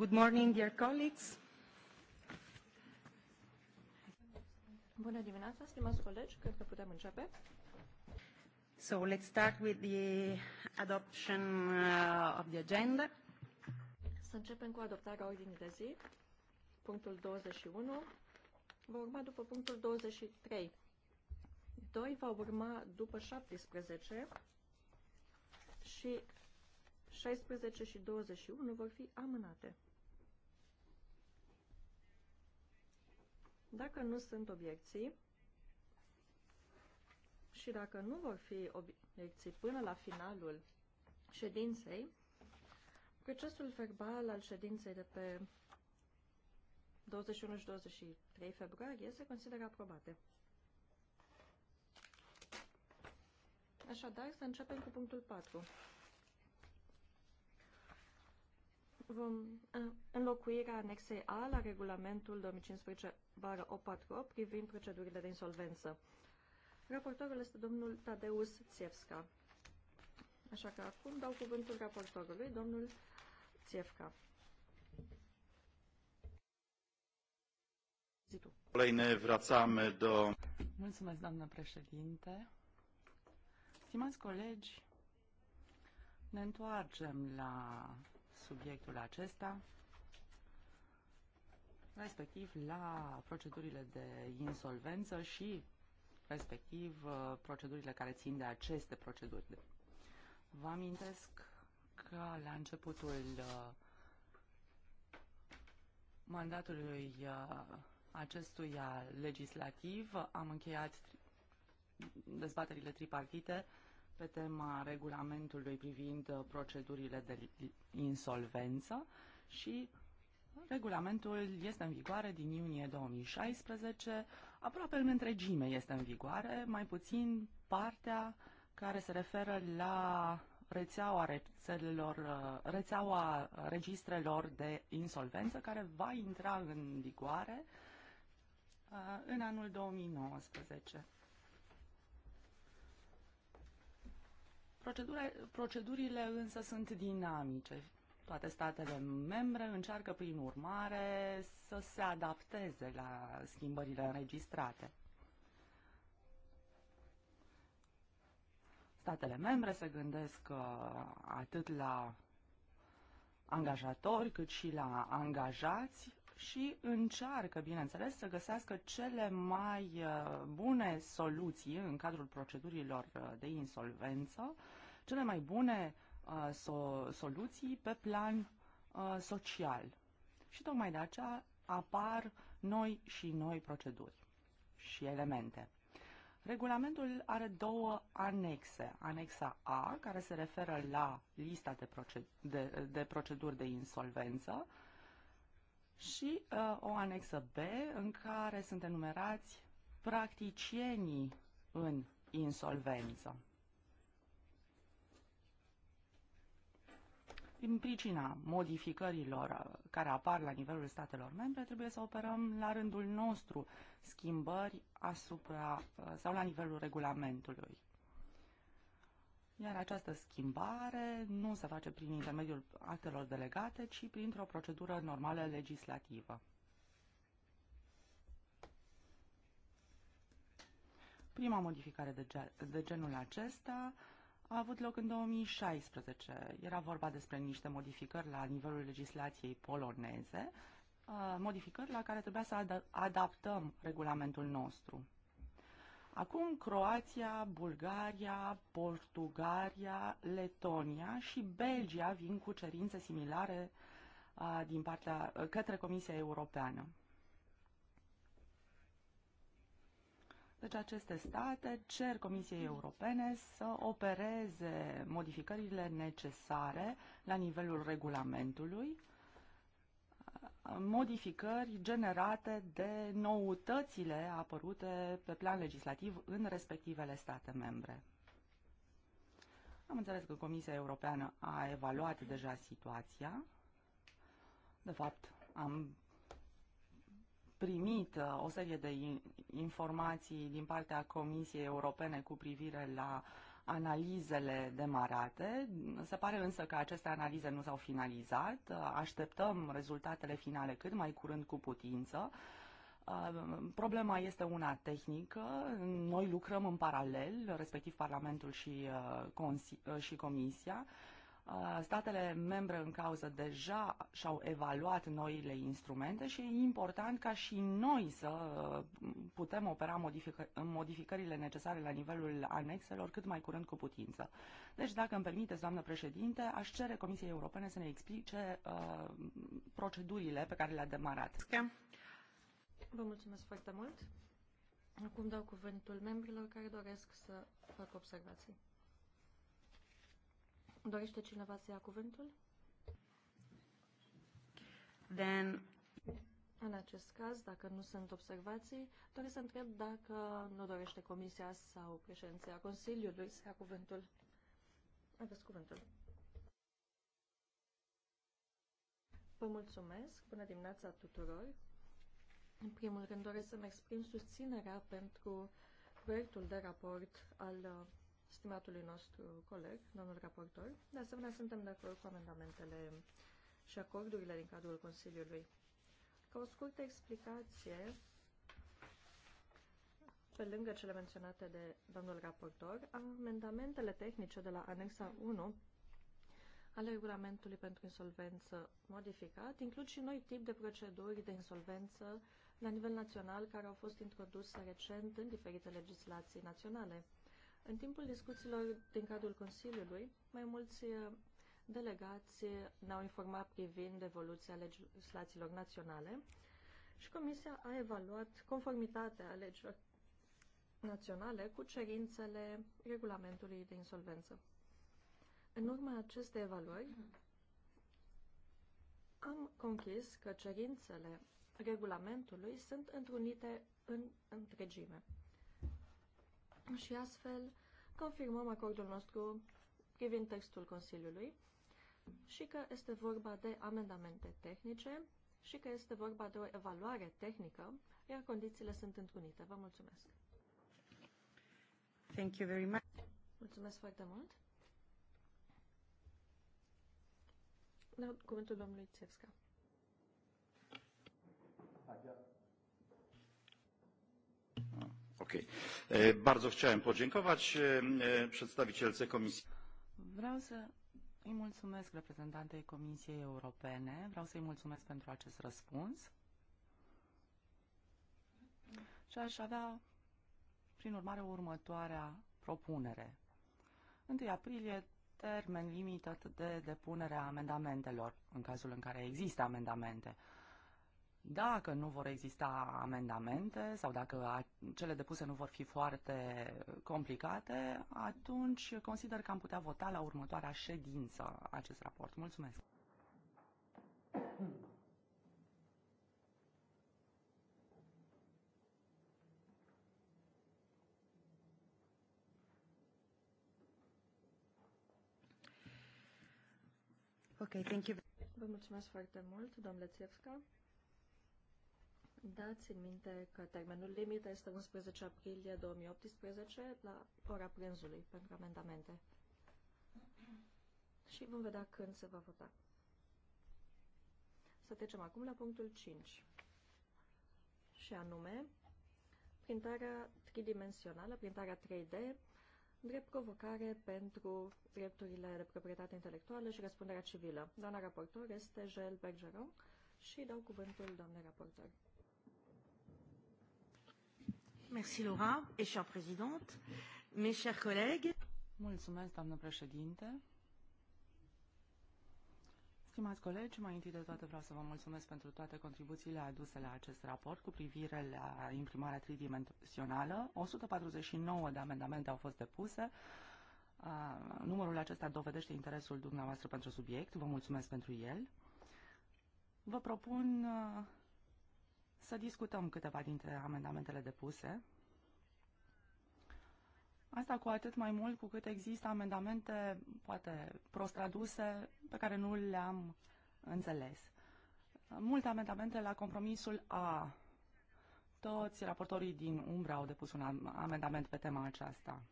Good morning, dear colleagues. Bună dimineața, stimați colegi, cred că putem începe. So let's start with the adoption uh, of the agenda. Să începem cu adoptarea ordinii de zi. Punctul 21 va urma după punctul 23. 2 va urma după 17 și 16 și 21 vor fi amânate. Dacă nu sunt obiecții și dacă nu vor fi obiecții până la finalul ședinței, procesul verbal al ședinței de pe 21 și 23 februarie se consideră aprobate. Așadar, să începem cu punctul 4. vom înlocuirea anexei A la regulamentul 2015-848 privind procedurile de insolvență. Raportorul este domnul Tadeus Țiefsca. Așa că acum dau cuvântul raportorului, domnul Țievca. Kolejne wracamy do... Mulțumesc, doamnă președinte. Stimați colegi, ne întoarcem la subiectul acesta, respectiv la procedurile de insolvență și respectiv uh, procedurile care țin de aceste proceduri. Vă amintesc că la începutul uh, mandatului uh, acestuia legislativ am încheiat dezbaterile tripartite pe tema regulamentului privind uh, procedurile de insolvență și regulamentul este în vigoare din iunie 2016, aproape în întregime este în vigoare, mai puțin partea care se referă la rețeaua, rețelelor, uh, rețeaua registrelor de insolvență care va intra în vigoare uh, în anul 2019. Procedurile însă sunt dinamice. Toate statele membre încearcă, prin urmare, să se adapteze la schimbările înregistrate. Statele membre se gândesc uh, atât la angajatori cât și la angajați și încearcă, bineînțeles, să găsească cele mai uh, bune soluții în cadrul procedurilor uh, de insolvență, cele mai bune uh, so- soluții pe plan social. Și tocmai de aceea apar noi și noi proceduri și elemente. Regulamentul are două anexe. Anexa A, care se referă la lista de, proced- de, de proceduri de insolvență, și uh, o anexă B în care sunt enumerați practicienii în insolvență. Din pricina modificărilor uh, care apar la nivelul statelor membre, trebuie să operăm la rândul nostru schimbări asupra uh, sau la nivelul regulamentului. Iar această schimbare nu se face prin intermediul actelor delegate, ci printr-o procedură normală legislativă. Prima modificare de, ge de genul acesta a avut loc în 2016. Era vorba despre niște modificări la nivelul legislației poloneze, uh, modificări la care trebuia să ad adaptăm regulamentul nostru. Acum Croația, Bulgaria, Portugalia, Letonia și Belgia vin cu cerințe similare uh, din partea către Comisia Europeană. Deci aceste state cer Comisiei Europene să opereze modificările necesare la nivelul regulamentului modificări generate de noutățile apărute pe plan legislativ în respectivele state membre. Am înțeles că Comisia Europeană a evaluat deja situația. De fapt, am primit uh, o serie de informații din partea Comisiei Europene cu privire la uh, analizele demarate. Se pare însă că aceste analize nu s-au finalizat. Așteptăm rezultatele finale cât mai curând cu putință. Problema este una tehnică. Noi lucrăm în paralel, respectiv Parlamentul și, uh, uh, și Comisia. Statele membre în cauză deja și-au evaluat noile instrumente și e important ca și noi să uh, putem opera modific- modificările necesare la nivelul anexelor cât mai curând cu putință. Deci, dacă îmi permiteți, doamnă președinte, aș cere Comisiei Europene să ne explice uh, procedurile pe care le-a demarat. Vă mulțumesc foarte mult. Acum dau cuvântul membrilor care doresc să facă observații. Dorește cineva să ia cuvântul? Then... În acest caz, dacă nu sunt observații, doresc să întreb dacă nu dorește Comisia sau președinția Consiliului să ia cuvântul. Aveți cuvântul. Vă mulțumesc. Bună dimineața tuturor. În primul rând doresc să-mi exprim susținerea pentru proiectul de raport al stimatului nostru coleg, domnul raportor. De asemenea, suntem de acord cu amendamentele și acordurile din cadrul Consiliului. Ca o scurtă explicație, pe lângă cele menționate de domnul raportor, amendamentele tehnice de la anexa 1 ale regulamentului pentru insolvență modificat includ și noi tip de proceduri de insolvență la nivel național care au fost introduse recent în diferite legislații naționale. În timpul discuțiilor din cadrul Consiliului, mai mulți uh, delegați uh, ne-au informat privind evoluția legislațiilor naționale și Comisia a evaluat conformitatea legilor naționale cu cerințele regulamentului de insolvență. În urma acestei evaluări, am conchis că cerințele regulamentului sunt întrunite în întregime și astfel confirmăm acordul nostru privind textul Consiliului și că este vorba de amendamente tehnice și că este vorba de o evaluare tehnică, iar condițiile sunt întrunite. Vă mulțumesc! Thank you very much. Mulțumesc foarte mult! Dau cuvântul domnului Țevsca. Adios. Okay. Bardzo chciałem podziękować przedstawicielce Komisji. Vreau să îi mulțumesc reprezentantei Comisiei Europene, vreau să îi mulțumesc pentru acest răspuns. Și aș avea, prin urmare, următoarea propunere. 1 aprilie, termen limitat de depunere a amendamentelor, în cazul în care există amendamente. Dacă nu vor exista amendamente sau dacă cele depuse nu vor fi foarte complicate, atunci consider că am putea vota la următoarea ședință acest raport. Mulțumesc! Okay, thank you. Vă mulțumesc foarte mult, domnule Țievsca. Dați în minte că termenul limită este 11 aprilie 2018 la ora prânzului pentru amendamente. Și vom vedea când se va vota. Să trecem acum la punctul 5. Și anume, printarea tridimensională, printarea 3D, drept provocare pentru drepturile de proprietate intelectuală și răspunderea civilă. Doamna raportor este Joel Bergeron și dau cuvântul doamnei raportor. Laura et chère présidente, mes chers collègues. Mulțumesc, doamnă președinte. Stimați colegi, mai întâi de toate vreau să vă mulțumesc pentru toate contribuțiile aduse la acest raport cu privire la imprimarea tridimensională. 149 de amendamente au fost depuse. Numărul acesta dovedește interesul dumneavoastră pentru subiect. Vă mulțumesc pentru el. Vă propun să discutăm câteva dintre amendamentele depuse. Asta cu atât mai mult cu cât există amendamente, poate prost traduse, pe care nu le-am înțeles. Multe amendamente la compromisul A. Toți raportorii din Umbra au depus un amendament pe tema aceasta.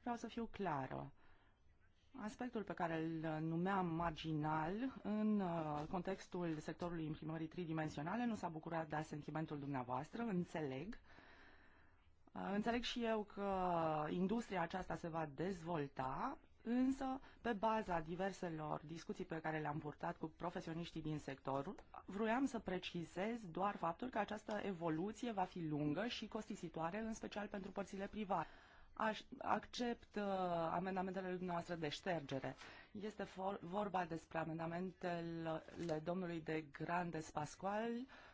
Vreau să fiu clară. Aspectul pe care îl numeam marginal în uh, contextul sectorului imprimării tridimensionale nu s-a bucurat de sentimentul dumneavoastră, înțeleg. Uh, înțeleg și eu că industria aceasta se va dezvolta, însă pe baza diverselor discuții pe care le-am purtat cu profesioniștii din sector, vroiam să precizez doar faptul că această evoluție va fi lungă și costisitoare, în special pentru părțile private aș, accept uh, amendamentele noastre de ștergere. Este for, vorba despre amendamentele domnului de Grandes Pascual,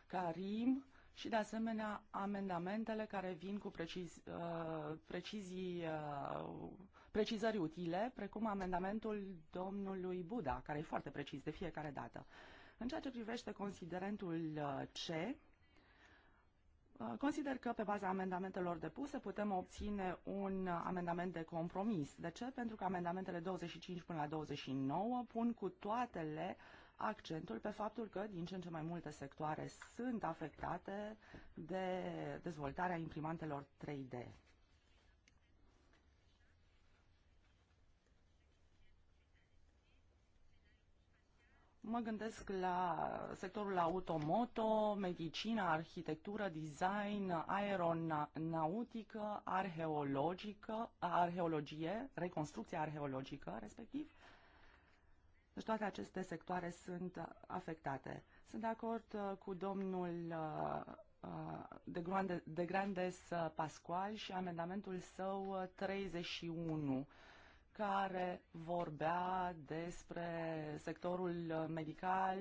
Karim și, de asemenea, amendamentele care vin cu preciz, uh, precizii, uh, precizări utile, precum amendamentul domnului Buda, care e foarte precis de fiecare dată. În ceea ce privește considerentul uh, C, Uh, consider că pe baza amendamentelor depuse putem obține un amendament de compromis. De ce? Pentru că amendamentele 25 până la 29 pun cu toatele accentul pe faptul că din ce în ce mai multe sectoare sunt afectate de dezvoltarea imprimantelor 3D. Mă gândesc la sectorul automoto, medicină, arhitectură, design, aeronautică, arheologică, arheologie, reconstrucție arheologică, respectiv. Deci toate aceste sectoare sunt afectate. Sunt de acord uh, cu domnul uh, uh, de Grandes, de Grandes Pascual și amendamentul său 31 care vorbea despre sectorul medical,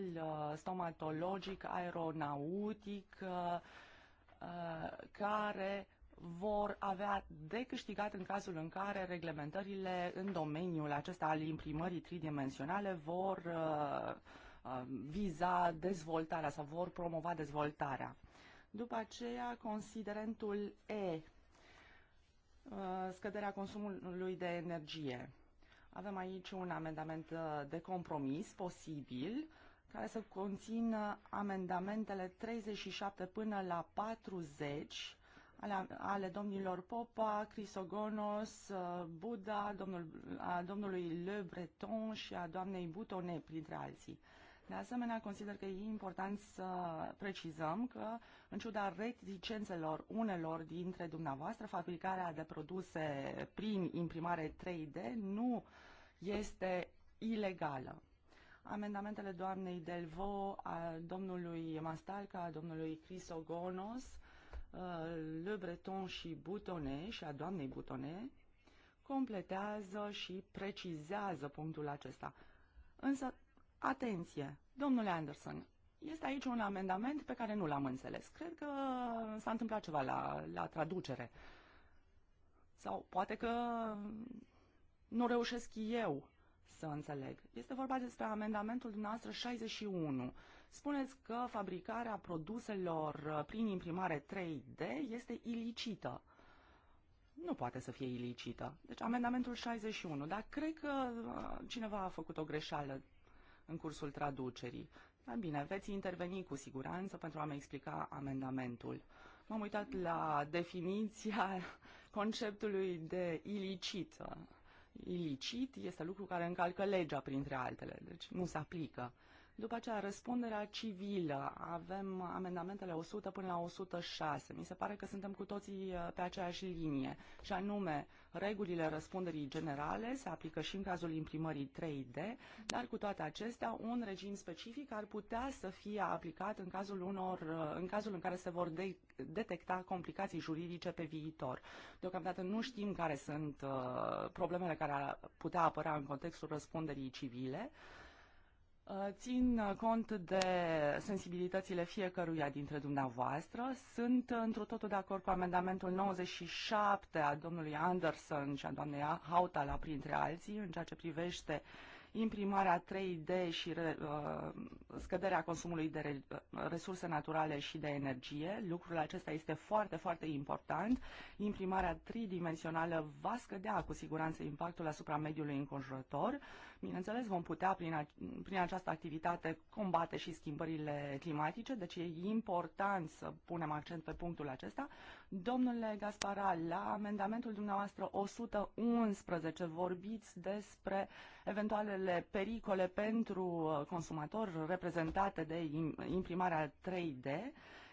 stomatologic, aeronautic, uh, care vor avea de câștigat în cazul în care reglementările în domeniul acesta al imprimării tridimensionale vor uh, uh, viza dezvoltarea sau vor promova dezvoltarea. După aceea, considerentul E Uh, scăderea consumului de energie. Avem aici un amendament uh, de compromis posibil care să conțină amendamentele 37 până la 40 ale, ale domnilor Popa, Crisogonos, uh, Buda, domnul, a domnului Le Breton și a doamnei Butone, printre alții. De asemenea, consider că e important să precizăm că, în ciuda reticențelor unelor dintre dumneavoastră, fabricarea de produse prin imprimare 3D nu este ilegală. Amendamentele doamnei Delvo, a domnului Mastalca, a domnului Crisogonos, uh, Le Breton și Butone și a doamnei Butone completează și precizează punctul acesta. Însă Atenție! Domnule Anderson, este aici un amendament pe care nu l-am înțeles. Cred că s-a întâmplat ceva la, la traducere. Sau poate că nu reușesc eu să înțeleg. Este vorba despre amendamentul dumneavoastră 61. Spuneți că fabricarea produselor prin imprimare 3D este ilicită. Nu poate să fie ilicită. Deci amendamentul 61. Dar cred că uh, cineva a făcut o greșeală în cursul traducerii. Dar bine, veți interveni cu siguranță pentru a-mi explica amendamentul. M-am uitat la definiția conceptului de ilicit. Ilicit este lucru care încalcă legea, printre altele, deci nu se aplică. După aceea, răspunderea civilă. Avem amendamentele 100 până la 106. Mi se pare că suntem cu toții uh, pe aceeași linie. Și anume, regulile răspunderii generale se aplică și în cazul imprimării 3D, dar cu toate acestea, un regim specific ar putea să fie aplicat în cazul, unor, uh, în, cazul în care se vor de- detecta complicații juridice pe viitor. Deocamdată nu știm care sunt uh, problemele care ar putea apărea în contextul răspunderii civile. Uh, Uh, țin uh, cont de sensibilitățile fiecăruia dintre dumneavoastră. Sunt uh, într totul de acord cu amendamentul 97 al domnului Anderson și a doamnei Hautala, printre alții, în ceea ce privește imprimarea 3D și re, uh, scăderea consumului de re, uh, resurse naturale și de energie. Lucrul acesta este foarte, foarte important. Imprimarea tridimensională va scădea cu siguranță impactul asupra mediului înconjurător. Uh, Bineînțeles, vom putea prin, prin această activitate combate și schimbările climatice, deci e important să punem accent pe punctul acesta. Domnule Gaspara, la amendamentul dumneavoastră 111 vorbiți despre eventualele pericole pentru consumator reprezentate de imprimarea 3D.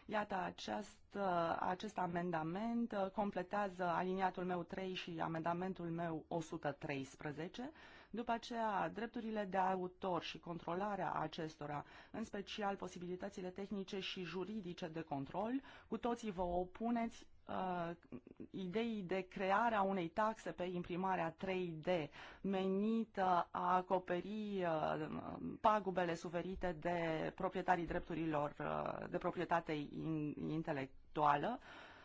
Iată, acest, acest amendament completează aliniatul meu 3 și amendamentul meu 113 după aceea, drepturile de autor și controlarea acestora, în special posibilitățile tehnice și juridice de control, cu toții vă opuneți uh, ideii de crearea unei taxe pe imprimarea 3D menită a acoperi uh, pagubele suferite de proprietarii drepturilor uh, de proprietate in, intelectuală.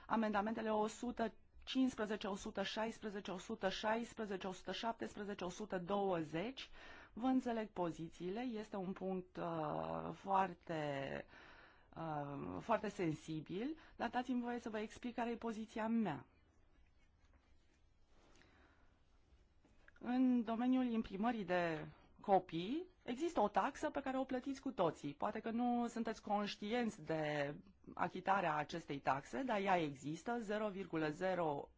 Amendamentele 100 115, 116, 116, 117, 120. Vă înțeleg pozițiile, este un punct uh, foarte, uh, foarte sensibil, dar dați-mi voie să vă explic care e poziția mea. În domeniul imprimării de copii, există o taxă pe care o plătiți cu toții. Poate că nu sunteți conștienți de achitarea acestei taxe, dar ea există,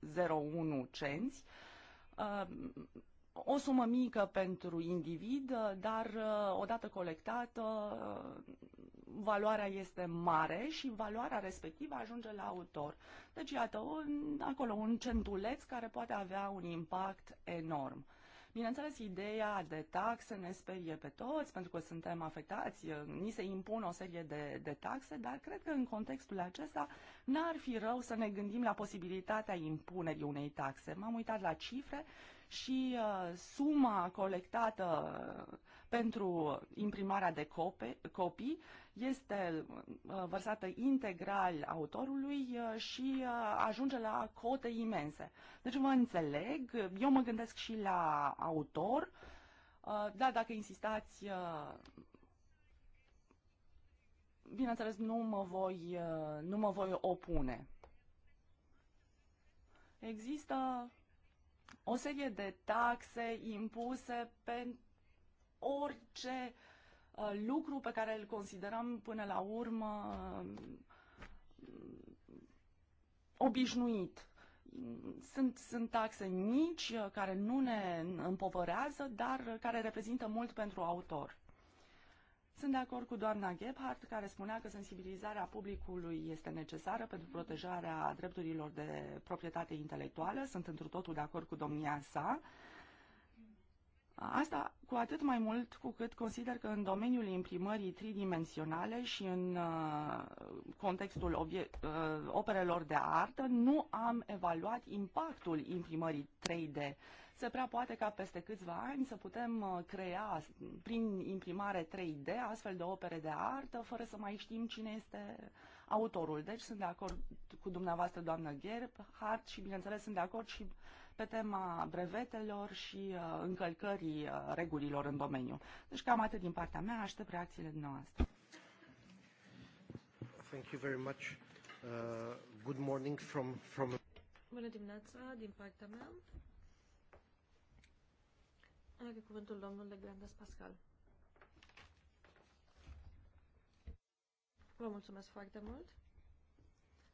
0,001 cenți, uh, o sumă mică pentru individ, uh, dar uh, odată colectată valoarea este mare și valoarea respectivă ajunge la autor. Deci, iată, un, acolo un centuleț care poate avea un impact enorm. Bineînțeles, ideea de taxe ne sperie pe toți, pentru că suntem afectați, ni se impun o serie de, de taxe, dar cred că în contextul acesta n-ar fi rău să ne gândim la posibilitatea impunerii unei taxe. M-am uitat la cifre și uh, suma colectată uh, pentru imprimarea de cope, copii este uh, vărsată integral autorului uh, și uh, ajunge la cote imense. Deci vă înțeleg, eu mă gândesc și la autor, da, dacă insistați, bineînțeles, nu mă voi, nu mă voi opune. Există o serie de taxe impuse pentru orice uh, Uh, lucru pe care îl considerăm până la urmă uh, obișnuit. Sunt, sunt taxe mici uh, care nu ne împovărează, dar care reprezintă mult pentru autor. Sunt de acord cu doamna Gebhardt, care spunea că sensibilizarea publicului este necesară pentru protejarea drepturilor de proprietate intelectuală. Sunt întru totul de acord cu domnia sa. Uh, Asta cu atât mai mult cu cât consider că în domeniul imprimării tridimensionale și în uh, contextul obie- uh, operelor de artă nu am evaluat impactul imprimării 3D. Se prea poate ca peste câțiva ani să putem uh, crea prin imprimare 3D astfel de opere de artă fără să mai știm cine este autorul. Deci sunt de acord cu dumneavoastră, doamnă Gerb, Hart și bineînțeles sunt de acord și pe tema brevetelor și uh, încălcării uh, regulilor în domeniu. Deci cam atât din partea mea, aștept reacțiile dumneavoastră. Thank you very much. Uh, good morning from, from... Bună dimineața din partea mea. Are cuvântul domnul de Pascal. Vă mulțumesc foarte mult,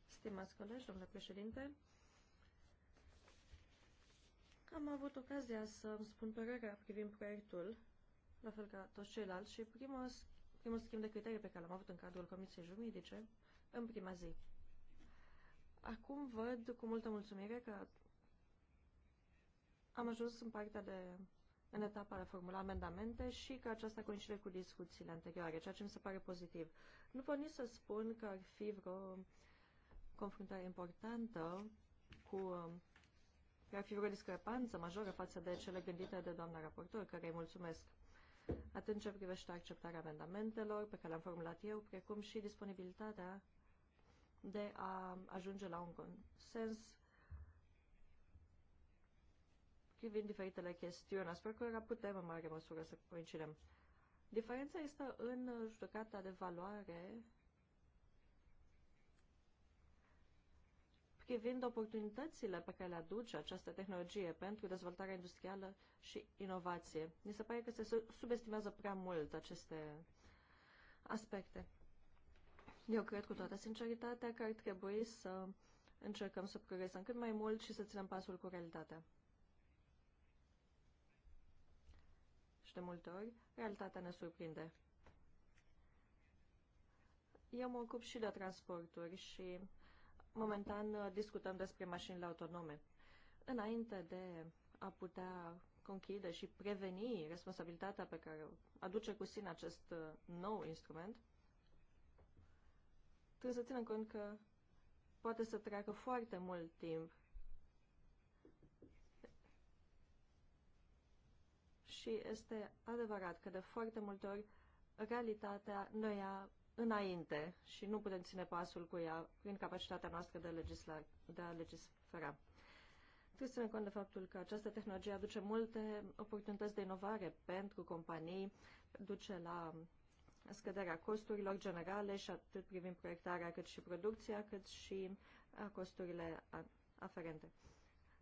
stimați colegi, domnule președinte, am avut ocazia să îmi spun părerea privind proiectul, la fel ca toți ceilalți, și primul, primul schimb de criterii pe care l-am avut în cadrul Comisiei Juridice în prima zi. Acum văd cu multă mulțumire că am ajuns în partea de în etapa de a formula amendamente și că aceasta coincide cu discuțiile anterioare, ceea ce mi se pare pozitiv. Nu pot nici să spun că ar fi vreo confruntare importantă cu um, ar fi vreo discrepanță majoră față de cele gândite de doamna raportor, care îi mulțumesc atât ce privește acceptarea amendamentelor pe care le-am formulat eu, precum și disponibilitatea de a ajunge la un consens privind diferitele chestiuni, asupra cărora putem în mare măsură să coincidem. Diferența este în judecata de valoare privind oportunitățile pe care le aduce această tehnologie pentru dezvoltarea industrială și inovație. Mi se pare că se subestimează prea mult aceste aspecte. Eu cred cu toată sinceritatea că ar trebui să încercăm să progresăm cât mai mult și să ținem pasul cu realitatea. Și de multe ori, realitatea ne surprinde. Eu mă ocup și de transporturi și Momentan uh, discutăm despre mașinile autonome. Înainte de a putea conchide și preveni responsabilitatea pe care o aduce cu sine acest uh, nou instrument, trebuie să ținem cont că poate să treacă foarte mult timp și este adevărat că de foarte multe ori realitatea noi ia înainte și nu putem ține pasul cu ea prin capacitatea noastră de, legisla, de a legifera. Trebuie să ținem cont de faptul că această tehnologie aduce multe oportunități de inovare pentru companii, duce la scăderea costurilor generale și atât privind proiectarea cât și producția, cât și costurile aferente.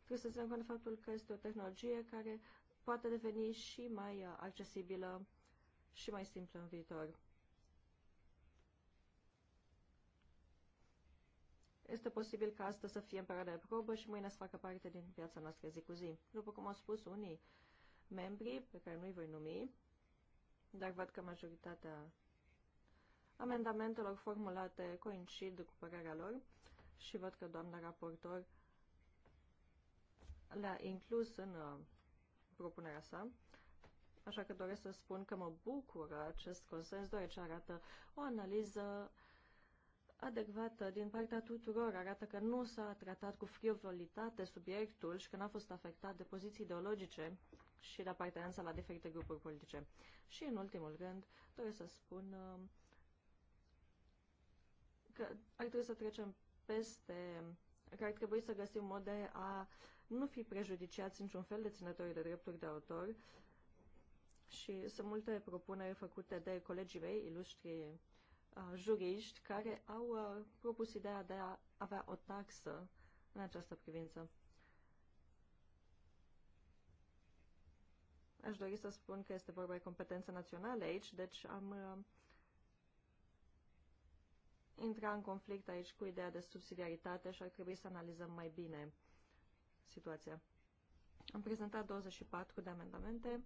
Trebuie să ținem cont de faptul că este o tehnologie care poate deveni și mai accesibilă și mai simplă în viitor. Este posibil ca astăzi să fie în perioada de probă și mâine să facă parte din viața noastră zi cu zi. După cum au spus unii membri, pe care nu-i voi numi, dar văd că majoritatea amendamentelor formulate coincid cu părerea lor și văd că doamna raportor le-a inclus în uh, propunerea sa. Așa că doresc să spun că mă bucură acest consens, deoarece arată o analiză uh, adecvată din partea tuturor arată că nu s-a tratat cu frivolitate subiectul și că n-a fost afectat de poziții ideologice și de apartenența la diferite grupuri politice. Și în ultimul rând, doresc să spun uh, că ar trebui să trecem peste, că ar trebui să găsim mod de a nu fi prejudiciați niciun fel de ținători de drepturi de autor și sunt multe propuneri făcute de colegii mei, ilustri Uh, juriști care au uh, propus ideea de a avea o taxă în această privință. Aș dori să spun că este vorba de competență națională aici, deci am uh, intrat în conflict aici cu ideea de subsidiaritate și ar trebui să analizăm mai bine situația. Am prezentat 24 de amendamente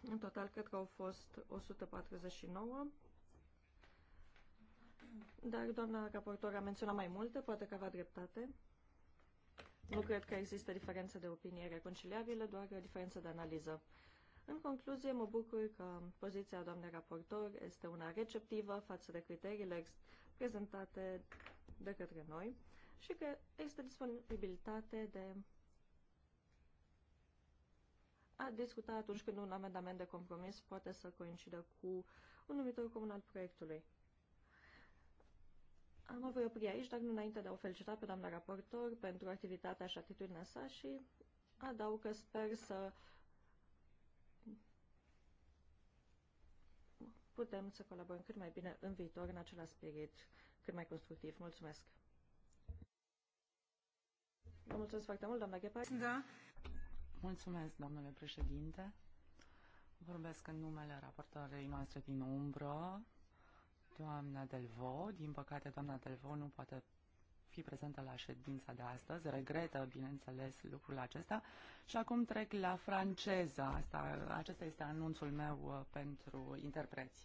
în total, cred că au fost 149. Dar doamna raportor a menționat mai multe, poate că avea dreptate. Nu cred că există diferență de opinie reconciliabilă, doar o diferență de analiză. În concluzie, mă bucur că poziția doamnei raportor este una receptivă față de criteriile prezentate de către noi și că există disponibilitate de a discuta atunci când un amendament de compromis poate să coincidă cu un numitor comun al proiectului. Mă voi opri aici, dar nu înainte de a o felicita pe doamna raportor pentru activitatea și atitudinea sa și adaug că sper să putem să colaborăm cât mai bine în viitor, în același spirit, cât mai constructiv. Mulțumesc! Vă mulțumesc foarte mult, doamna Ghepar. Da. Mulțumesc, domnule președinte. Vorbesc în numele raportorului noastre din umbră, doamna Delvo. Din păcate, doamna Delvo nu poate fi prezentă la ședința de astăzi. Regretă, bineînțeles, lucrul acesta. Și acum trec la franceza Asta, acesta este anunțul meu uh, pentru interpreți.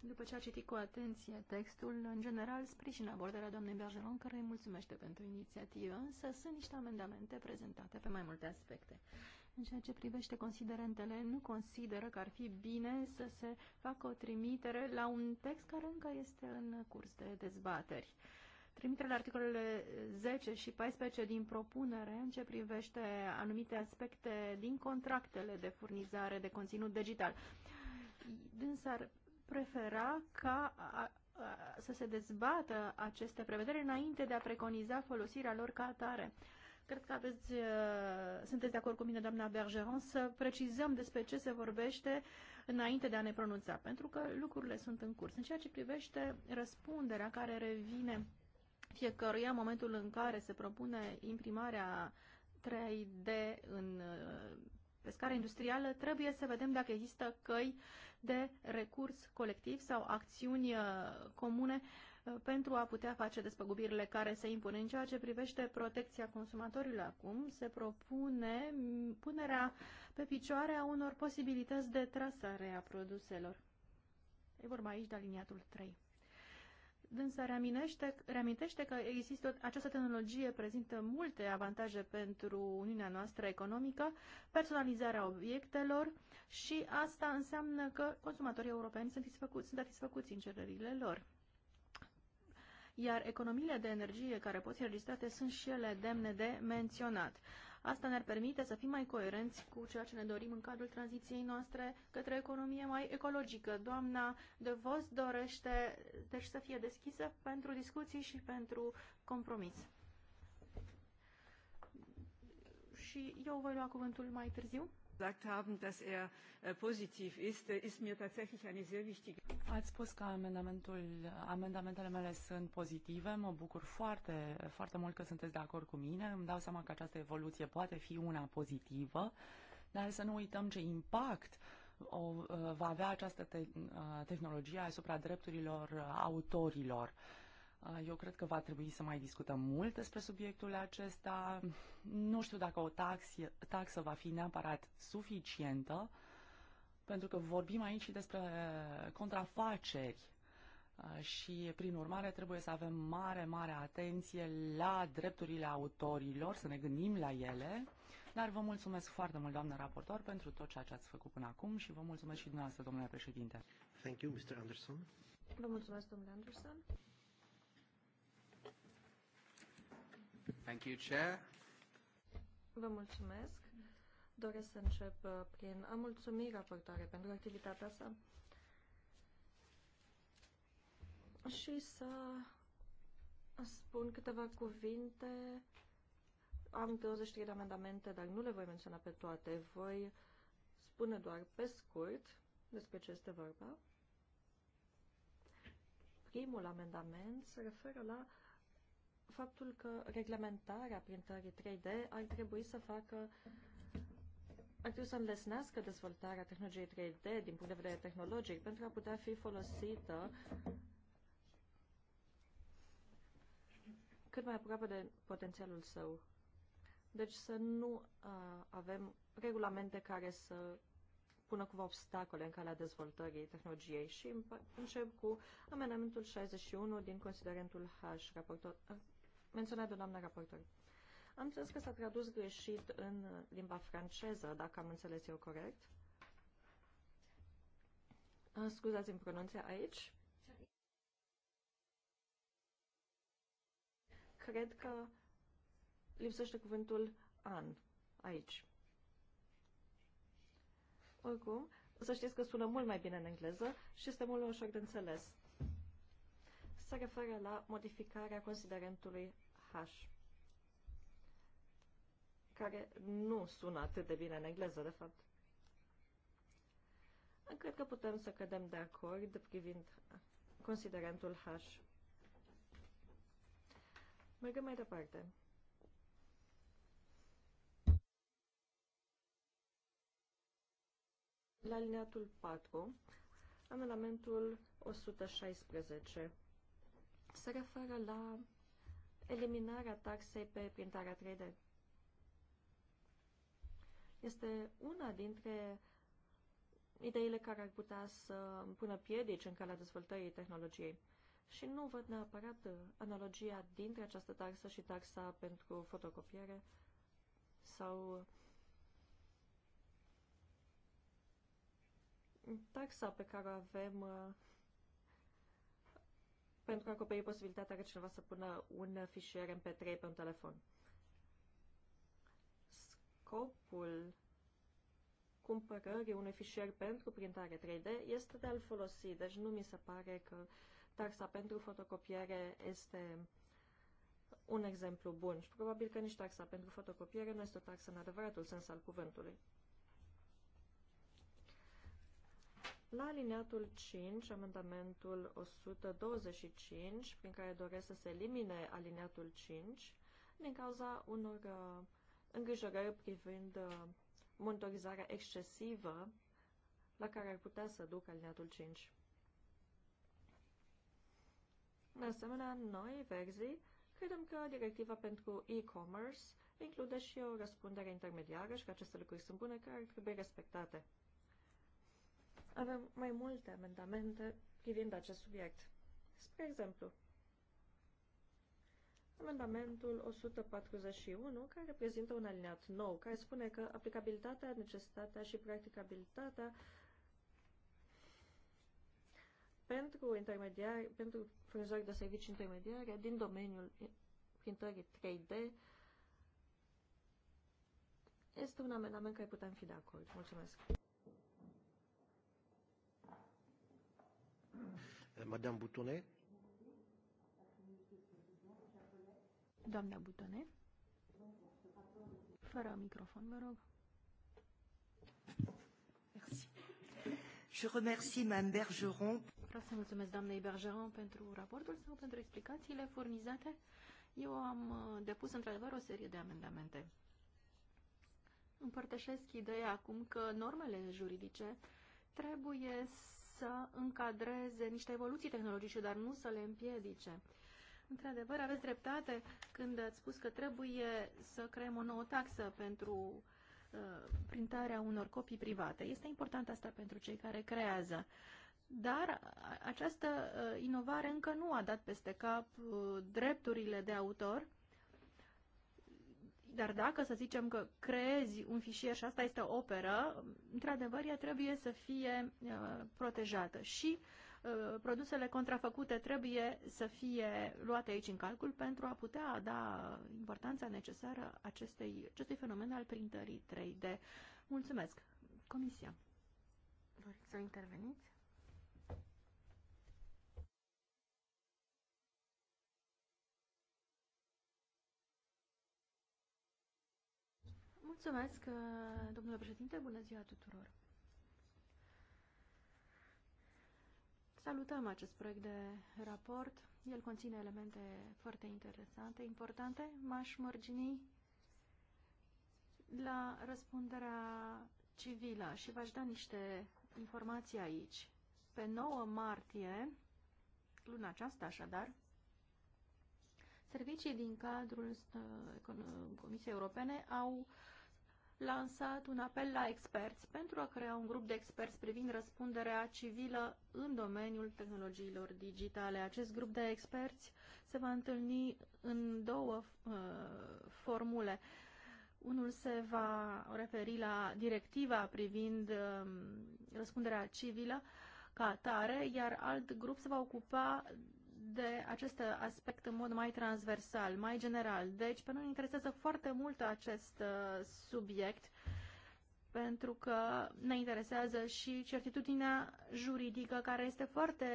După ce a citit cu atenție textul, în general sprijin abordarea doamnei Bergeron, care îi mulțumește pentru inițiativă, însă sunt niște amendamente prezentate pe mai multe aspecte. În ceea ce privește considerentele, nu consideră că ar fi bine să se facă o trimitere la un text care încă este în curs de dezbateri. Trimiterea articolele 10 și 14 din propunere în ce privește anumite aspecte din contractele de furnizare de conținut digital. Dâns ar prefera ca a, a, să se dezbată aceste prevederi înainte de a preconiza folosirea lor ca atare. Cred că aveți, uh, sunteți de acord cu mine, doamna Bergeron, să precizăm despre ce se vorbește înainte de a ne pronunța, pentru că lucrurile sunt în curs. În ceea ce privește răspunderea care revine fiecăruia momentul în care se propune imprimarea 3D în uh, pe scară industrială, trebuie să vedem dacă există căi de recurs colectiv sau acțiuni uh, comune uh, pentru a putea face despăgubirile care se impun. În ceea ce privește protecția consumatorilor acum, se propune punerea pe picioare a unor posibilități de trasare a produselor. E vorba aici de aliniatul 3. Dânsa reamintește, reamintește că există, această tehnologie prezintă multe avantaje pentru Uniunea noastră economică, personalizarea obiectelor și asta înseamnă că consumatorii europeni sunt satisfăcuți, sunt satisfăcuți în cererile lor. Iar economiile de energie care pot fi registrate sunt și ele demne de menționat. Asta ne-ar permite să fim mai coerenți cu ceea ce ne dorim în cadrul tranziției noastre către o economie mai ecologică. Doamna De Vos dorește deci să fie deschisă pentru discuții și pentru compromis. Și eu voi lua cuvântul mai târziu gesagt haben, dass er äh, pozitiv ist, äh, ist mir tatsächlich eine sehr wichtige. Ați spus că amendamentul, amendamentele mele sunt pozitive, mă bucur foarte, foarte mult că sunteți de acord cu mine, îmi dau seama că această evoluție poate fi una pozitivă, dar să nu uităm ce impact o, uh, va avea această te, uh, tehnologie asupra drepturilor autorilor. Uh, Ah, eu cred că va trebui să mai discutăm mult despre subiectul acesta. Nu știu dacă o taxie, taxă va fi neapărat suficientă, pentru că vorbim aici și despre contrafaceri ah, și, prin urmare, trebuie să avem mare, mare atenție la drepturile autorilor, să ne gândim la ele. Dar vă mulțumesc foarte mult, doamnă raportor, pentru tot ceea ce ați făcut până acum și vă mulțumesc și dumneavoastră, domnule președinte. Thank you, Mr. Anderson. Vă mulțumesc, domnule Anderson. Thank you, Chair. Vă mulțumesc. Doresc să încep uh, prin a mulțumi raportoare pentru activitatea sa și să spun câteva cuvinte. Am 23 de amendamente, dar nu le voi menționa pe toate. Voi spune doar pe scurt despre ce este vorba. Primul amendament se referă la faptul că reglementarea printării 3D ar trebui să facă ar trebui să înlesnească dezvoltarea tehnologiei 3D din punct de vedere tehnologic pentru a putea fi folosită cât mai aproape de potențialul său. Deci să nu uh, avem regulamente care să pună cumva obstacole în calea dezvoltării tehnologiei și încep cu amendamentul 61 din considerentul H. Raportor, menționat de doamna raportor. Am înțeles că s-a tradus greșit în limba franceză, dacă am înțeles eu corect. Ah, scuzați-mi pronunția aici. Cred că lipsește cuvântul an aici. Oricum, să știți că sună mult mai bine în engleză și este mult mai ușor de înțeles. Se referă la modificarea considerentului H, care nu sună atât de bine în engleză, de fapt. Cred că putem să cădem de acord privind considerentul H. Mergem mai departe. La liniatul 4, amendamentul 116 se referă la eliminarea taxei pe printarea 3D. Este una dintre ideile care ar putea să pună piedici în calea dezvoltării tehnologiei. Și nu văd neapărat analogia dintre această taxă și taxa pentru fotocopiere sau taxa pe care o avem uh, pentru a acoperi posibilitatea că cineva să pună un fișier MP3 pe un telefon. Scopul cumpărării unui fișier pentru printare 3D este de a-l folosi, deci nu mi se pare că taxa pentru fotocopiere este un exemplu bun și probabil că nici taxa pentru fotocopiere nu este o taxă în adevăratul sens al cuvântului. La aliniatul 5, amendamentul 125, prin care doresc să se elimine aliniatul 5, din cauza unor uh, îngrijorări privind uh, monitorizarea excesivă la care ar putea să ducă aliniatul 5. De asemenea, noi, verzii, credem că directiva pentru e-commerce include și o răspundere intermediară și că aceste lucruri sunt bune care ar trebui respectate. Avem mai multe amendamente privind acest subiect. Spre exemplu, amendamentul 141, care reprezintă un alineat nou, care spune că aplicabilitatea, necesitatea și practicabilitatea pentru, intermediari, pentru furnizori de servicii intermediare din domeniul printării 3D este un amendament care putem fi de acord. Mulțumesc! Madame Boutonnet. Doamna Butone. Fără microfon, vă rog. Je remercie Mme Bergeron. Vreau să mulțumesc doamnei Bergeron pentru raportul sau pentru explicațiile furnizate. Eu am uh, depus într-adevăr o serie de amendamente. Împărtășesc ideea acum că normele juridice trebuie să încadreze niște evoluții tehnologice, dar nu să le împiedice. Într-adevăr, aveți dreptate când ați spus că trebuie să creăm o nouă taxă pentru uh, printarea unor copii private. Este important asta pentru cei care creează. Dar această uh, inovare încă nu a dat peste cap uh, drepturile de autor dar dacă să zicem că creezi un fișier și asta este o operă, într-adevăr ea trebuie să fie uh, protejată și uh, produsele contrafăcute trebuie să fie luate aici în calcul pentru a putea da importanța necesară acestei, acestui fenomen al printării 3D. Mulțumesc! Comisia. Doriți să interveniți? Mulțumesc, uh, domnule președinte, bună ziua tuturor! Salutăm acest proiect de raport. El conține elemente foarte interesante, importante. M-aș mărgini la răspunderea civilă și v-aș da niște informații aici. Pe 9 martie, luna aceasta așadar, servicii din cadrul uh, Comisiei Europene au lansat un apel la experți pentru a crea un grup de experți privind răspunderea civilă în domeniul tehnologiilor digitale. Acest grup de experți se va întâlni în două uh, formule. Unul se va referi la directiva privind uh, răspunderea civilă ca atare, iar alt grup se va ocupa de acest aspect în mod mai transversal, mai general. Deci, pe noi interesează foarte mult acest uh, subiect pentru că ne interesează și certitudinea juridică, care este foarte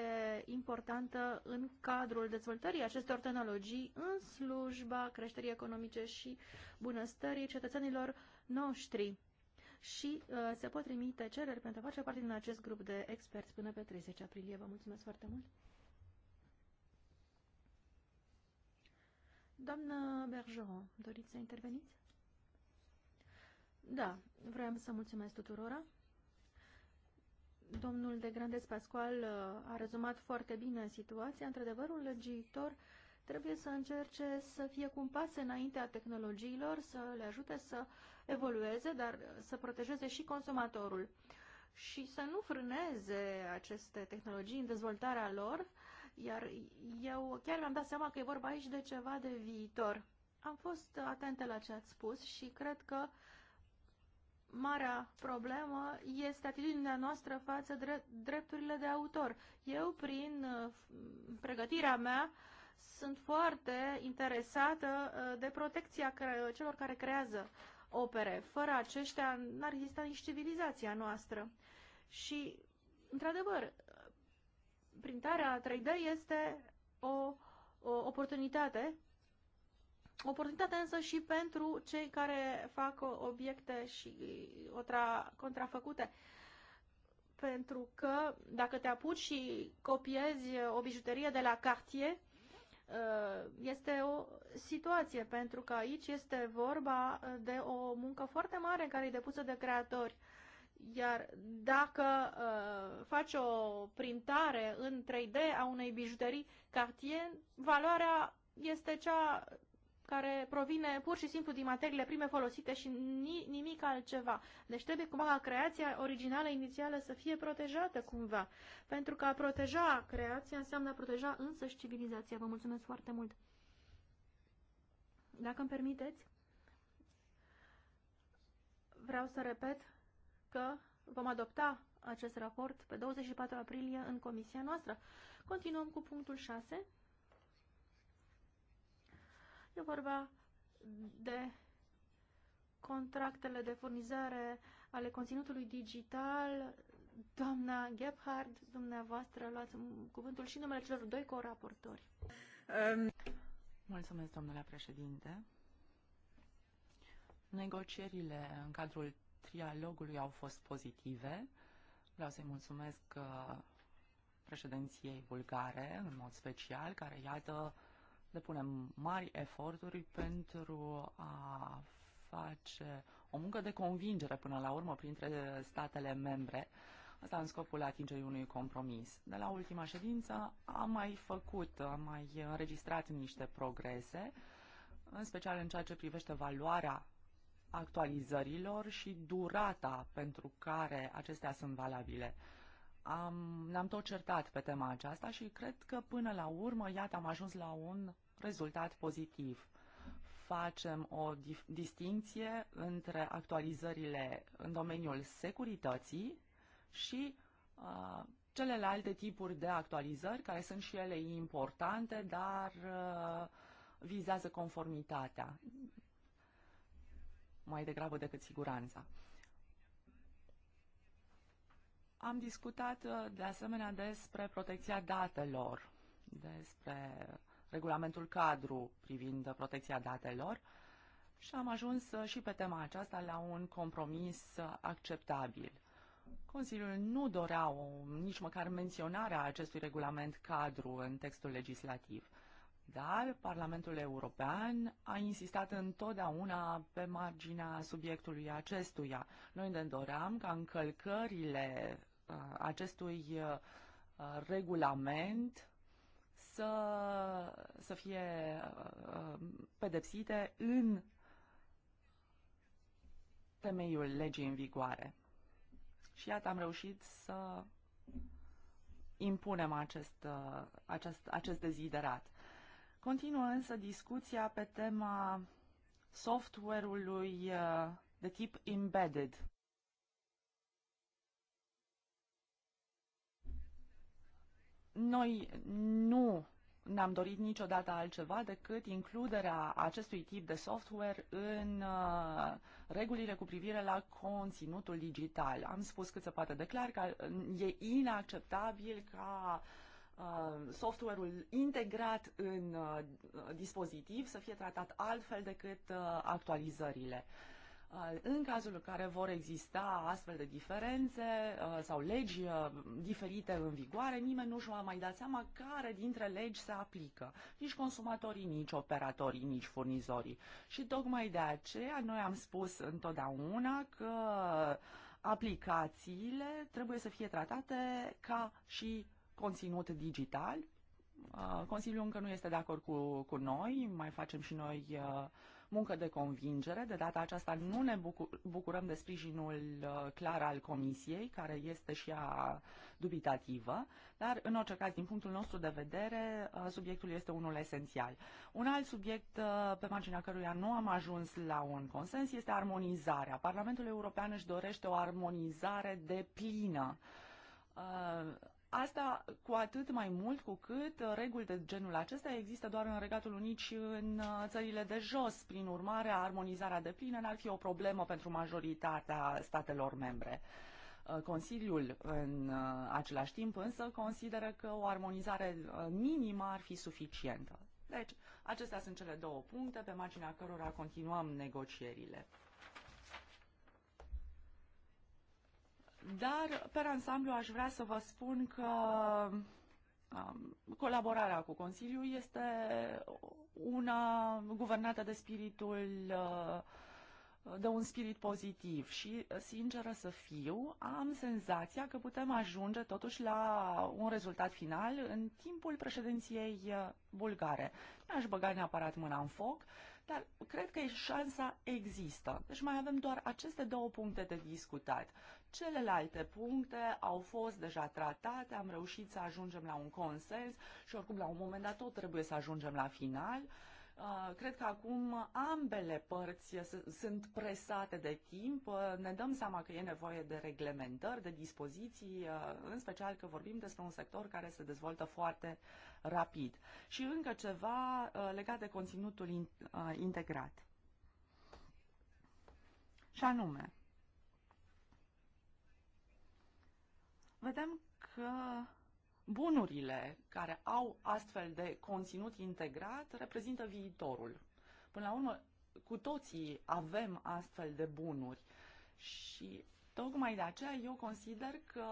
importantă în cadrul dezvoltării acestor tehnologii în slujba creșterii economice și bunăstării cetățenilor noștri. Și uh, se pot trimite cereri pentru a face parte din acest grup de experți până pe 30 aprilie. Vă mulțumesc foarte mult! Doamnă Bergeron, doriți să interveniți? Da, vreau să mulțumesc tuturora. Domnul de Grandes Pascual uh, a rezumat foarte bine situația. Într-adevăr, un legiuitor trebuie să încerce să fie cu un pas înainte a tehnologiilor, să le ajute să evolueze, dar să protejeze și consumatorul și să nu frâneze aceste tehnologii în dezvoltarea lor, iar eu chiar mi-am dat seama că e vorba aici de ceva de viitor. Am fost atentă la ce ați spus și cred că marea problemă este atitudinea noastră față de drepturile de autor. Eu, prin uh, pregătirea mea, sunt foarte interesată uh, de protecția celor care creează opere. Fără aceștia n-ar exista nici civilizația noastră. Și, într-adevăr, printarea 3D este o, o oportunitate, oportunitate însă și pentru cei care fac obiecte și otra, contrafăcute. Pentru că dacă te apuci și copiezi o bijuterie de la Cartier, uh, este o situație, pentru că aici este vorba de o muncă foarte mare care e depusă de creatori. Iar dacă uh, faci o printare în 3D a unei bijuterii Cartier, valoarea este cea care provine pur și simplu din materiile prime folosite și ni, nimic altceva. Deci trebuie cumva ca creația originală inițială să fie protejată cumva. Pentru că a proteja creația înseamnă a proteja și civilizația. Vă mulțumesc foarte mult. Dacă îmi permiteți, vreau să repet că vom adopta acest raport pe 24 aprilie în comisia noastră. Continuăm cu punctul 6. E vorba de contractele de furnizare ale conținutului digital. Doamna Gebhard, dumneavoastră, luați cuvântul și numele celor doi coraportori. Um. Mulțumesc, domnule președinte. Negocierile în cadrul trialogului au fost pozitive. Vreau să-i mulțumesc uh, președinției bulgare, în mod special, care, iată, depunem mari eforturi pentru a face o muncă de convingere până la urmă printre statele membre, asta în scopul atingerii unui compromis. De la ultima ședință am mai făcut, am mai înregistrat niște progrese, în special în ceea ce privește valoarea actualizărilor și durata pentru care acestea sunt valabile. Am, ne-am tot certat pe tema aceasta și cred că până la urmă, iată, am ajuns la un rezultat pozitiv. Facem o dif- distinție între actualizările în domeniul securității și uh, celelalte tipuri de actualizări, care sunt și ele importante, dar uh, vizează conformitatea mai degrabă decât siguranța. Am discutat uh, de asemenea despre protecția datelor, despre regulamentul cadru privind protecția datelor și am ajuns uh, și pe tema aceasta la un compromis uh, acceptabil. Consiliul nu dorea o, nici măcar menționarea acestui regulament cadru în textul legislativ. Dar Parlamentul European a insistat întotdeauna pe marginea subiectului acestuia. Noi ne doream ca încălcările uh, acestui uh, regulament să, să fie uh, pedepsite în temeiul legii în vigoare. Și iată am reușit să impunem acest, acest, acest deziderat. Continuă însă discuția pe tema software-ului uh, de tip embedded. Noi nu ne-am dorit niciodată altceva decât includerea acestui tip de software în uh, regulile cu privire la conținutul digital. Am spus cât se poate de clar că uh, e inacceptabil ca uh, Uh, software-ul integrat în uh, dispozitiv să fie tratat altfel decât uh, actualizările. În cazul în care vor exista astfel de diferențe sau legi diferite în vigoare, nimeni nu-și va mai da seama care dintre legi se aplică. Nici consumatorii, nici operatorii, nici furnizorii. Și tocmai de aceea noi am spus întotdeauna că aplicațiile trebuie să fie tratate ca și conținut digital. Uh, Consiliul încă nu este de acord cu, cu noi, mai facem și noi uh, muncă de convingere. De data aceasta nu ne bucurăm de sprijinul uh, clar al Comisiei, care este și a dubitativă, dar în orice caz, din punctul nostru de vedere, subiectul este unul esențial. Un alt subiect pe marginea căruia nu am ajuns la un consens este armonizarea. Parlamentul European își dorește o armonizare de plină Asta cu atât mai mult cu cât uh, reguli de genul acesta există doar în Regatul Unit și în uh, țările de jos. Prin urmare, armonizarea de plină n-ar fi o problemă pentru majoritatea statelor membre. Uh, Consiliul, în același timp, însă consideră că o armonizare minimă ar fi suficientă. Deci, acestea sunt cele două puncte pe marginea cărora continuăm negocierile. Dar, pe ansamblu, aș vrea să vă spun că um, colaborarea cu Consiliul este una guvernată de spiritul uh, de un spirit pozitiv și, sinceră să fiu, am senzația că putem ajunge totuși la un rezultat final în timpul președinției uh, bulgare. Nu aș băga neapărat mâna în foc, dar cred că șansa există. Deci mai avem doar aceste două puncte de discutat. Celelalte puncte au fost deja tratate, am reușit să ajungem la un consens și oricum la un moment dat tot trebuie să ajungem la final. Uh, cred că acum ambele părți sunt presate de timp. Uh, ne dăm seama că e nevoie de reglementări, de dispoziții, uh, în special că vorbim despre un sector care se dezvoltă foarte rapid. Și încă ceva legat de conținutul integrat. Și anume, vedem că Bunurile care au astfel de conținut integrat reprezintă viitorul. Până la urmă, cu toții avem astfel de bunuri și tocmai de aceea eu consider că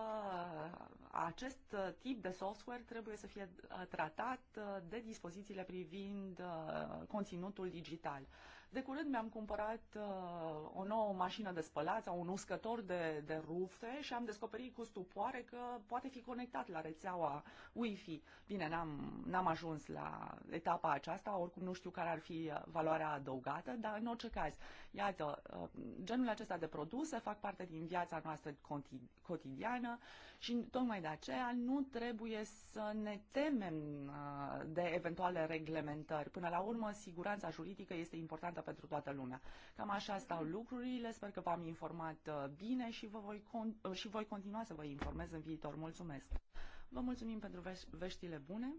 acest tip de software trebuie să fie uh, tratat uh, de dispozițiile privind uh, conținutul digital. De curând mi-am cumpărat uh, o nouă mașină de spălat sau un uscător de, de rufe și am descoperit cu stupoare că poate fi conectat la rețeaua Wi-Fi. Bine, n-am, n-am ajuns la etapa aceasta, oricum nu știu care ar fi uh, valoarea adăugată, dar în orice caz, iată, uh, genul acesta de produse fac parte din viața noastră cotidiană și tocmai de aceea nu trebuie să ne temem uh, de eventuale reglementări. Până la urmă, siguranța juridică este importantă importantă pentru toată lumea. Cam așa stau lucrurile, sper că v-am informat uh, bine și, vă voi con- uh, și voi continua să vă informez în viitor. Mulțumesc! Vă mulțumim pentru ve- veștile bune.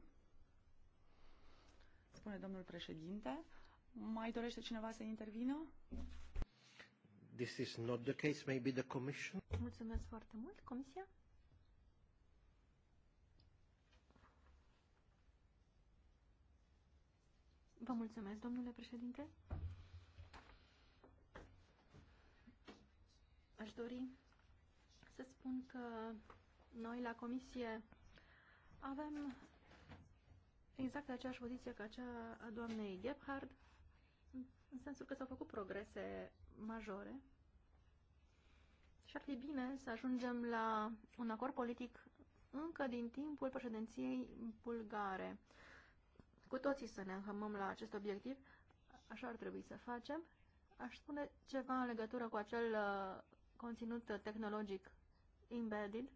Spune domnul președinte. Mai dorește cineva să intervină? This is not the case, maybe the commission. Mulțumesc foarte mult, comisia. Vă mulțumesc, domnule președinte. Aș dori să spun că noi la comisie avem exact aceeași poziție ca cea a doamnei Gebhard, în sensul că s-au făcut progrese majore și ar fi bine să ajungem la un acord politic încă din timpul președinției bulgare cu toții să ne înhămăm la acest obiectiv, așa ar trebui să facem. Aș spune ceva în legătură cu acel uh, conținut tehnologic embedded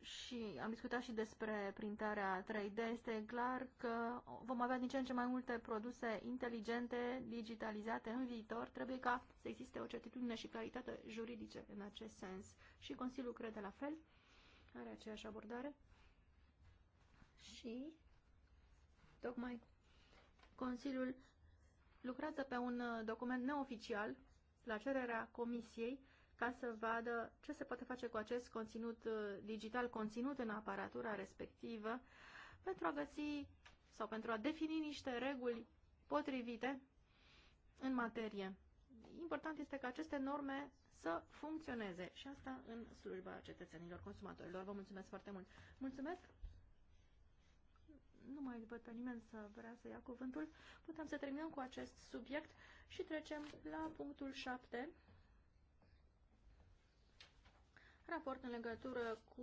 și am discutat și despre printarea 3D, este clar că vom avea din ce în ce mai multe produse inteligente, digitalizate în viitor. Trebuie ca să existe o certitudine și claritate juridice în acest sens. Și Consiliul crede la fel, are aceeași abordare și tocmai Consiliul lucrează pe un uh, document neoficial la cererea Comisiei ca să vadă ce se poate face cu acest conținut uh, digital conținut în aparatura respectivă pentru a găsi sau pentru a defini niște reguli potrivite în materie. Important este ca aceste norme să funcționeze și asta în slujba cetățenilor consumatorilor. Vă mulțumesc foarte mult! Mulțumesc! nu mai văd nimeni să vrea să ia cuvântul, putem să terminăm cu acest subiect și trecem la punctul 7. Raport în legătură cu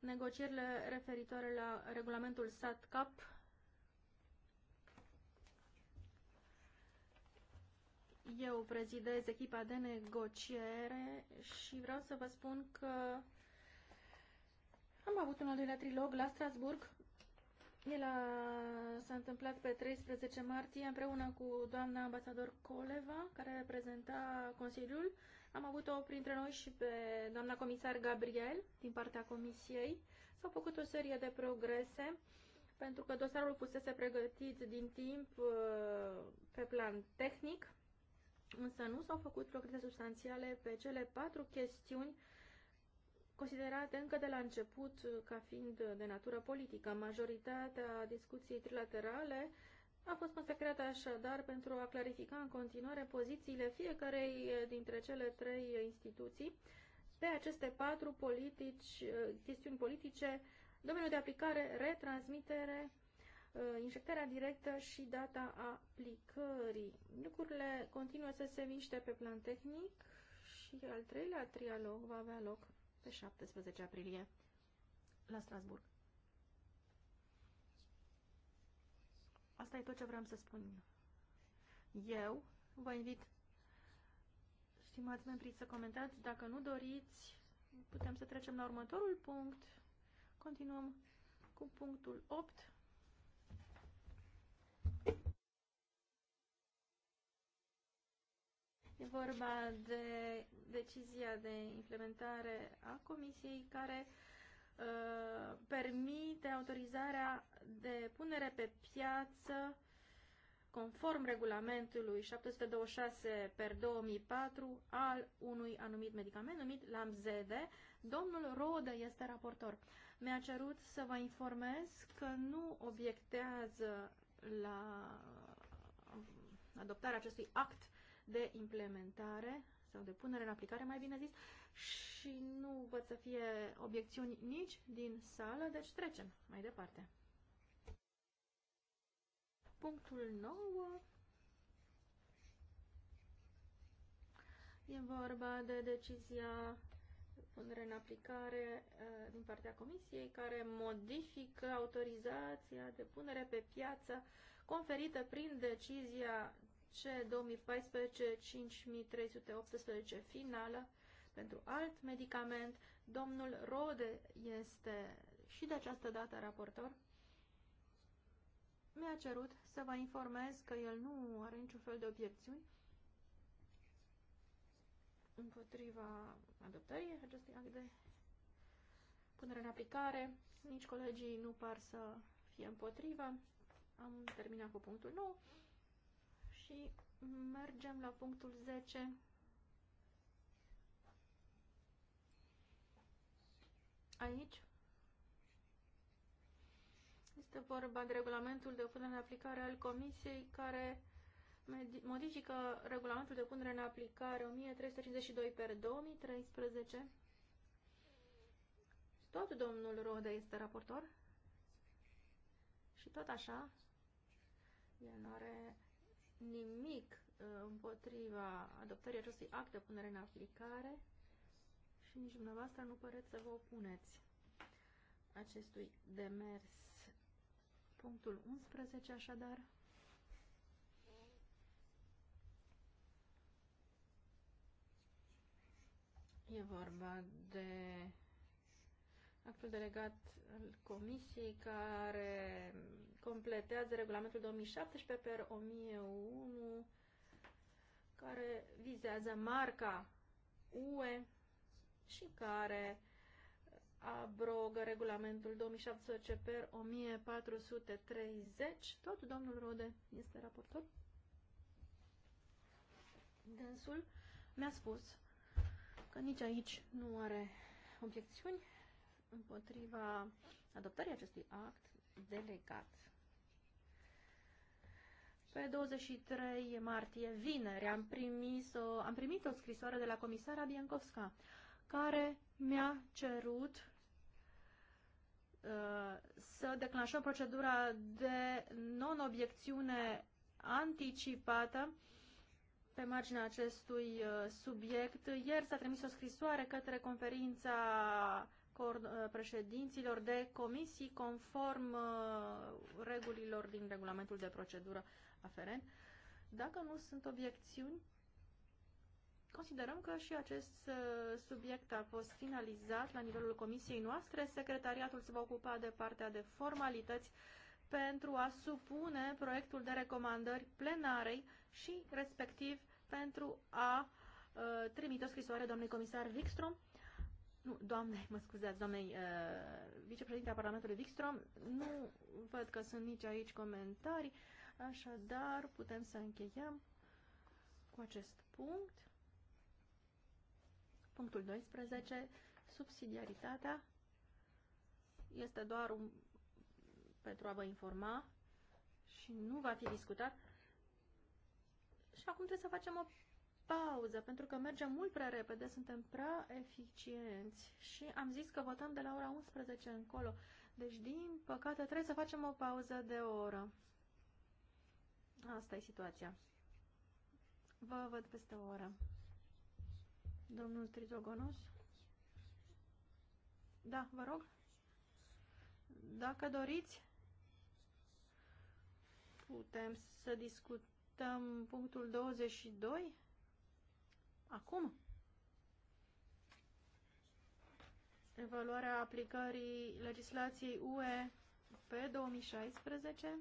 negocierile referitoare la regulamentul SAT-CAP. Eu prezidez echipa de negociere și vreau să vă spun că am avut un al doilea trilog la Strasburg el s-a întâmplat pe 13 martie împreună cu doamna ambasador Coleva, care reprezenta Consiliul. Am avut-o printre noi și pe doamna comisar Gabriel din partea Comisiei. S-au făcut o serie de progrese pentru că dosarul pusese pregătit din timp uh, pe plan tehnic, însă nu s-au făcut progrese substanțiale pe cele patru chestiuni considerate încă de la început ca fiind de natură politică. Majoritatea discuției trilaterale a fost consacrată așadar pentru a clarifica în continuare pozițiile fiecarei dintre cele trei instituții pe aceste patru politici, chestiuni politice, domeniul de aplicare, retransmitere, uh, injectarea directă și data aplicării. Lucrurile continuă să se miște pe plan tehnic și al treilea trialog va avea loc pe 17 aprilie la Strasburg. Asta e tot ce vreau să spun. Eu vă invit, stimați membrii, să comentați. Dacă nu doriți, putem să trecem la următorul punct. Continuăm cu punctul 8. E vorba de decizia de implementare a Comisiei care uh, permite autorizarea de punere pe piață conform regulamentului 726 per 2004 al unui anumit medicament numit Lamzede. Domnul Rode este raportor. Mi-a cerut să vă informez că nu obiectează la adoptarea acestui act de implementare sau de punere în aplicare, mai bine zis, și nu văd să fie obiecțiuni nici din sală, deci trecem mai departe. Punctul 9 e vorba de decizia punere în aplicare eh, din partea Comisiei care modifică autorizația de punere pe piață conferită prin decizia C 2014-5318 finală pentru alt medicament. Domnul Rode este și de această dată raportor. Mi-a cerut să vă informez că el nu are niciun fel de obiecțiuni împotriva adoptării acestui act de punere în aplicare. Nici colegii nu par să fie împotrivă. Am terminat cu punctul 9 și mergem la punctul 10. Aici este vorba de regulamentul de punere în aplicare al Comisiei care modifică regulamentul de punere în aplicare 1352 per 2013. Tot domnul Rode este raportor și tot așa el nu are nimic uh, împotriva adoptării acestui act de punere în aplicare și nici dumneavoastră nu păreți să vă opuneți acestui demers. Punctul 11, așadar. E vorba de actul delegat al Comisiei care completează regulamentul 2017 per 1001 care vizează marca UE și care abrogă regulamentul 2017 per 1430. Tot domnul Rode este raportor. Dânsul mi-a spus că nici aici nu are obiecțiuni împotriva adoptării acestui act delegat. Pe 23 martie, vineri, am, primit o, uh, am primit o scrisoare de la comisara Biancovska, care mi-a cerut uh, să declanșăm procedura de non-obiecțiune anticipată pe marginea acestui uh, subiect. Ieri s-a trimis o scrisoare către conferința Uh, președinților de comisii conform uh, regulilor din regulamentul de procedură aferent. Dacă nu sunt obiecțiuni, considerăm că și acest uh, subiect a fost finalizat la nivelul comisiei noastre. Secretariatul se va ocupa de partea de formalități pentru a supune proiectul de recomandări plenarei și respectiv pentru a trimite o scrisoare doamnei comisar Wikström nu, doamne, mă scuzați, doamnei uh, vicepreședinte a Parlamentului Wikstrom, nu văd că sunt nici aici comentarii, așadar putem să încheiem cu acest punct. Punctul 12, subsidiaritatea este doar un, pentru a vă informa și nu va fi discutat. Și acum trebuie să facem o pauză, pentru că mergem mult prea repede, suntem prea eficienți și am zis că votăm de la ora 11 încolo. Deci, din păcate, trebuie să facem o pauză de o oră. Asta e situația. Vă văd peste o oră. Domnul Trizogonos? Da, vă rog. Dacă doriți, putem să discutăm punctul 22? Acum, evaluarea aplicării legislației UE pe 2016.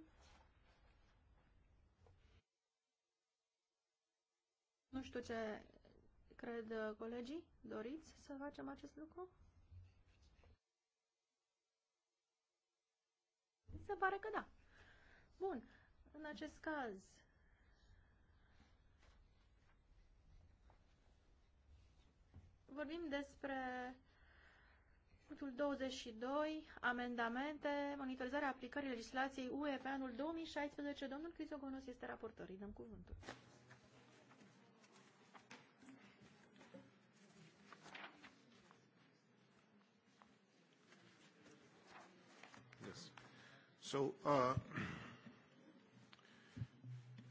Nu știu ce cred colegii. Doriți să facem acest lucru? Se pare că da. Bun. În acest caz, Vorbim despre punctul 22, amendamente, monitorizarea aplicării legislației UE pe anul 2016. Domnul Crisogonos este raportor. Îi dăm cuvântul. Yes. So, uh,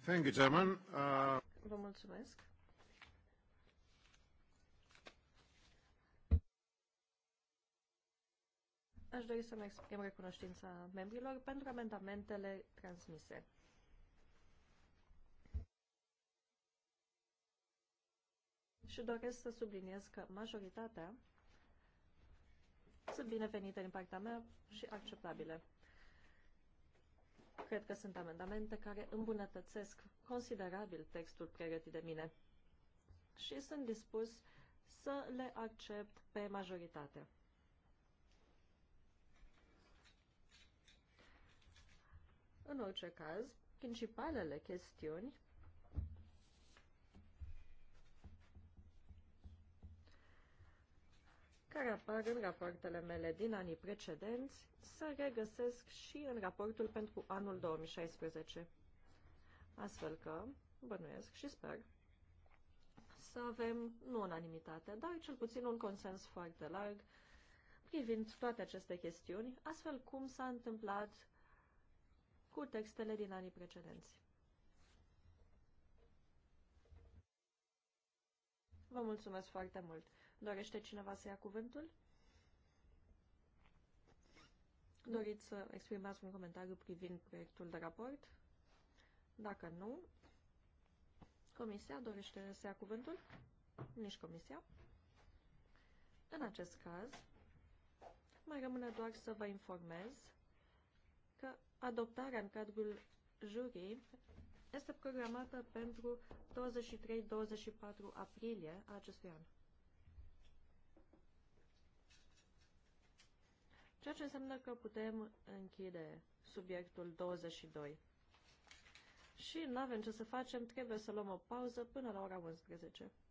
thank you, Chairman. Uh... Vă mulțumesc. Aș dori să-mi exprim recunoștința membrilor pentru amendamentele transmise. Și doresc să subliniez că majoritatea sunt binevenite din partea mea și acceptabile. Cred că sunt amendamente care îmbunătățesc considerabil textul pregătit de mine și sunt dispus să le accept pe majoritate. În orice caz, principalele chestiuni care apar în rapoartele mele din anii precedenți, se regăsesc și în raportul pentru anul 2016. Astfel că, bănuiesc și sper, să avem nu unanimitate, dar cel puțin un consens foarte larg privind toate aceste chestiuni, astfel cum s-a întâmplat cu textele din anii precedenți. Vă mulțumesc foarte mult. Dorește cineva să ia cuvântul? Doriți să exprimați un comentariu privind proiectul de raport? Dacă nu, comisia dorește să ia cuvântul? Nici comisia. În acest caz, mai rămâne doar să vă informez că adoptarea în cadrul jurii este programată pentru 23-24 aprilie a acestui an. Ceea ce înseamnă că putem închide subiectul 22. Și nu avem ce să facem, trebuie să luăm o pauză până la ora 11.